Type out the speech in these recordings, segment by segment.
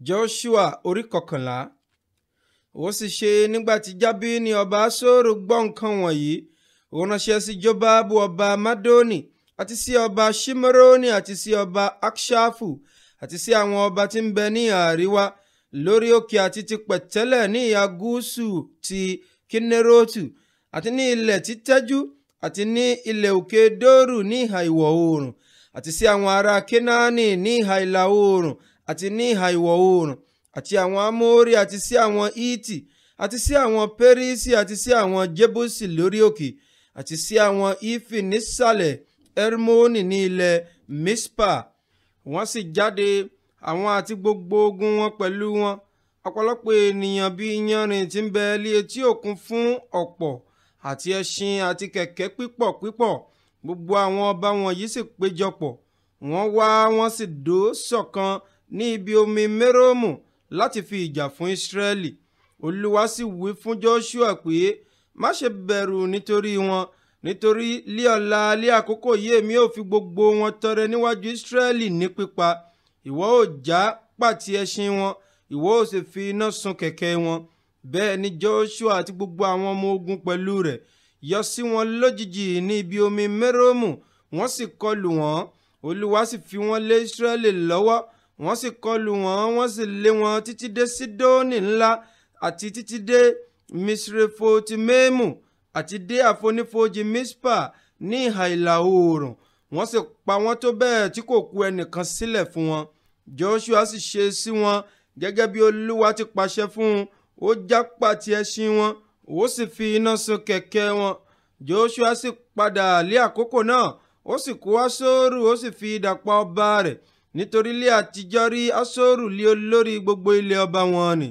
joshua orí kọkànlá ó sì ṣe nígbà tí jábínì ọba aṣóòrò gbọ́ nǹkan wọ̀nyí ó ránṣẹ́ sí jobabu ọba madoni àti sí ọba shimeroni àti sí ọba akshafu àti sí àwọn ọba tí ń bẹ ní àríwá lórí òkè àti ti pẹ̀tẹ́lẹ̀ ní ìhà gúúsù ti kinerotu àti ní ilẹ̀ títẹ́jú àti ní ilẹ̀ òkè dóòrù ní ìhà ìwọ̀ oòrùn àti sí àwọn ará kénáánì ní ìhà ìlà oòrùn àti ní ìhà ìwọ̀ oòrùn àti àwọn amóórí àti sí àwọn íìtì àti sí àwọn pérísì àti sí àwọn jébùsì lórí òkè àti sí àwọn ífì nísàlẹ̀ ẹrmónì ní ilẹ̀ mispa wọ́n sì jáde àwọn àti gbogbo ogun wọn pẹ̀lú wọn ọ̀pọ̀lọpọ̀ ènìyàn bíi iyanrìn tí ń bẹ lí etí òkun fún ọ̀pọ̀ àti ẹṣin àti kẹ̀kẹ́ pípọ̀ pípọ̀ gbogbo àwọn ọba wọ̀nyí sì péjọpọ̀ wọ́n wá wọ́n sì dó ṣọ̀kan ní ibi omi mérómù láti fi ìjà fún Ísírẹ́lì olúwa sì wí fún Joshua pé má ṣe bẹ̀rù nítorí wọn nítorí lí ọ̀la lí àkókò yìí èmi ò fi gbogbo wọn tọrẹ níwájú Ísírẹ́lì ní pípa ìwọ ò já pàtí ẹṣin wọn ìwọ ò sì fi iná sun kẹ̀kẹ́ wọn bẹ́ẹ̀ ni Joshua àti gbogbo àwọn ọmọ ogun pẹ̀lú rẹ̀ yọ sí wọn lójijì ní ibi omi mérómù wọ́n sì kọlù wọ́n olúwa sì fi wọ́n lé Ísírẹ́lì lọ́wọ́ wọ́n sì kọlù wọn wọ́n sì lé wọn títí dé Sídónì ńlá àti títí dé misrefotimemu àti dé àfonífojì mispa ní ìhà ìlà oòrùn wọ́n sì pa wọ́n tó bẹ́ẹ̀ tí kò kù ẹnìkan sílẹ̀ fún wọn Joshua sì ṣe sí wọn gẹ́gẹ́ bí Olúwa ti pàṣẹ fún un ó jápa ti ẹṣin wọn ó sì fi iná sun kẹ̀kẹ́ wọn Joshua sì padà lé àkókò náà ó sì kó aṣọ́rù ó sì fi idà ọba rẹ̀ nítorí ilé àtijọ́ rí asóòrù lé olórí gbogbo ilé ọba wọn ni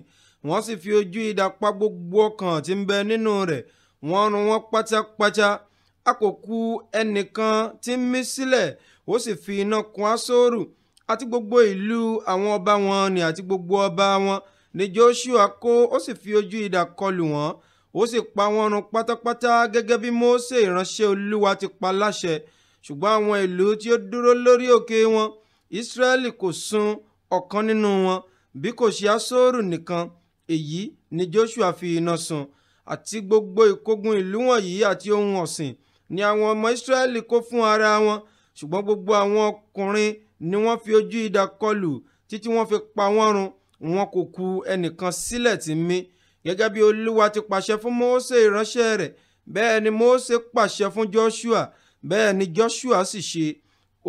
wọ́n sì fi ojú idà pa gbogbo ọkàn tí ń bẹ nínú rẹ̀ wọ́n run wọ́n pátápátá a ku ẹnìkan tí ń mí sílẹ̀ ó sì fi iná kun asóòrù àti gbogbo ìlú àwọn ọba wọn ni àti gbogbo ọba wọn ni Joshua kó ó sì fi ojú idà kọlù wọ́n ó sì pa wọ́n run pátápátá gẹ́gẹ́ bí Mósè ìránṣẹ́ Olúwa ti pa láṣẹ ṣùgbọ́n àwọn ìlú tí ó dúró lórí òkè wọn Ísírẹ́lì kò sun ọ̀kan nínú wọn bí kò ṣe aṣóòrù nìkan èyí ni Joshua fi iná sun àti gbogbo ìkógun ìlú wọ̀nyí àti ohun ọ̀sìn ni àwọn ọmọ Ísírẹ́lì kó fún ara wọn ṣùgbọ́n gbogbo àwọn ọkùnrin ni wọ́n fi ojú idà kọlù títí wọ́n fi pa wọ́n run wọn kò ku ẹnìkan sílẹ̀ tí mí gẹ́gẹ́ bí Olúwa ti pàṣẹ fún Mósè ìránṣẹ́ rẹ̀ bẹ́ẹ̀ ni Mósè pàṣẹ fún Joshua bẹ́ẹ̀ ni Joshua sì ṣe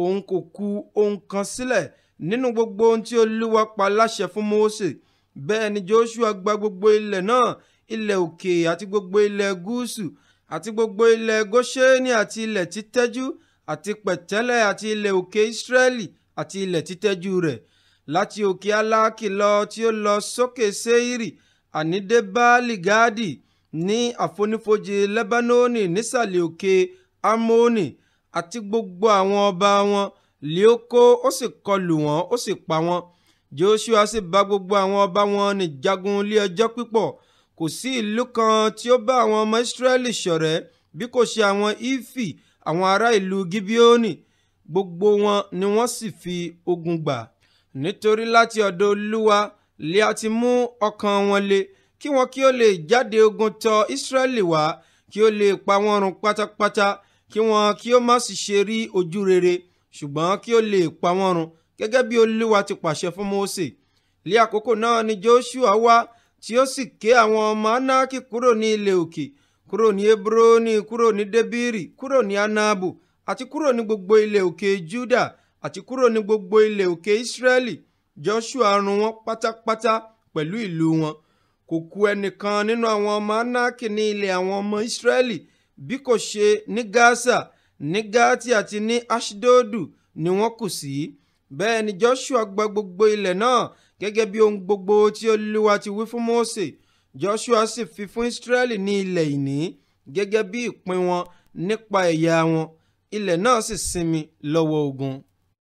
òun kò ku ohun kan sílẹ̀ nínú gbogbo ohun tí olúwa pa láṣẹ fún Mósè bẹ́ẹ̀ ni Joshua gba gbogbo ilẹ̀ náà ilẹ̀ òkè àti gbogbo ilẹ̀ gúúsù àti gbogbo ilẹ̀ Góṣénì àti ilẹ̀ títẹ́jú àti pẹ̀tẹ́lẹ̀ àti ilẹ̀ òkè Ísírẹ́lì àti ilẹ̀ títẹ́jú rẹ̀ láti òkè Aláàkì lọ tí ó lọ sókè Séírì àní dé Báálì ní àfonífojì Lẹ́bánónì nísàlẹ̀ òkè Amónì àti gbogbo àwọn ọba wọn lé ó kó ó sì kọlù wọn ó sì pa wọn Joshua sì bá gbogbo àwọn ọba wọn níjagun lé ọjọ́ pípọ̀ kò sí ìlú kan tí ó bá àwọn ọmọ Ísírẹ́lì ṣọ̀rẹ́ bí kò ṣe àwọn Ífì àwọn ará ìlú Gibeoni gbogbo wọn ni wọ́n sì fi ogun gbà nítorí láti ọ̀dọ̀ Olúwa lé a ti mú ọkàn wọn le kí wọn kí ó lè jáde ogun tọ Ísírẹ́lì wá kí ó lè pa wọ́n run pátápátá kí wọn kí ó má sì ṣe rí ojú rere ṣùgbọ́n kí ó lè pa wọ́n run gẹ́gẹ́ bí olúwa ti pàṣẹ fún Mósè ní àkókò náà ni Joshua wá tí ó sì ké àwọn ọmọ Ánákì kúrò ní ilẹ̀ òkè kúrò ní Hebroni kúrò ní Debiri kúrò ní Anabu àti kúrò ní gbogbo ilẹ̀ òkè Juda àti kúrò ní gbogbo ilẹ̀ òkè Israẹli Joshua run wọ́n pátápátá pẹ̀lú ìlú wọn kò kù ẹnìkan nínú àwọn ọmọ Ánákì ní ilẹ̀ àwọn ọmọ Israẹli bí kò ṣe ní Gaza ní Gati àti ní Aṣdodu ni wọ́n kù sí bẹ́ẹ̀ ni Joshua gba gbogbo ilẹ̀ náà gẹ́gẹ́ bí ohun gbogbo tí Olúwa ti wí fún Mósè Joshua sì fi fún Israẹli ní ilẹ̀ ìní gẹ́gẹ́ bí ìpín wọn nípa ẹ̀yà wọn ilẹ̀ náà sì sinmi lọ́wọ́ ogun.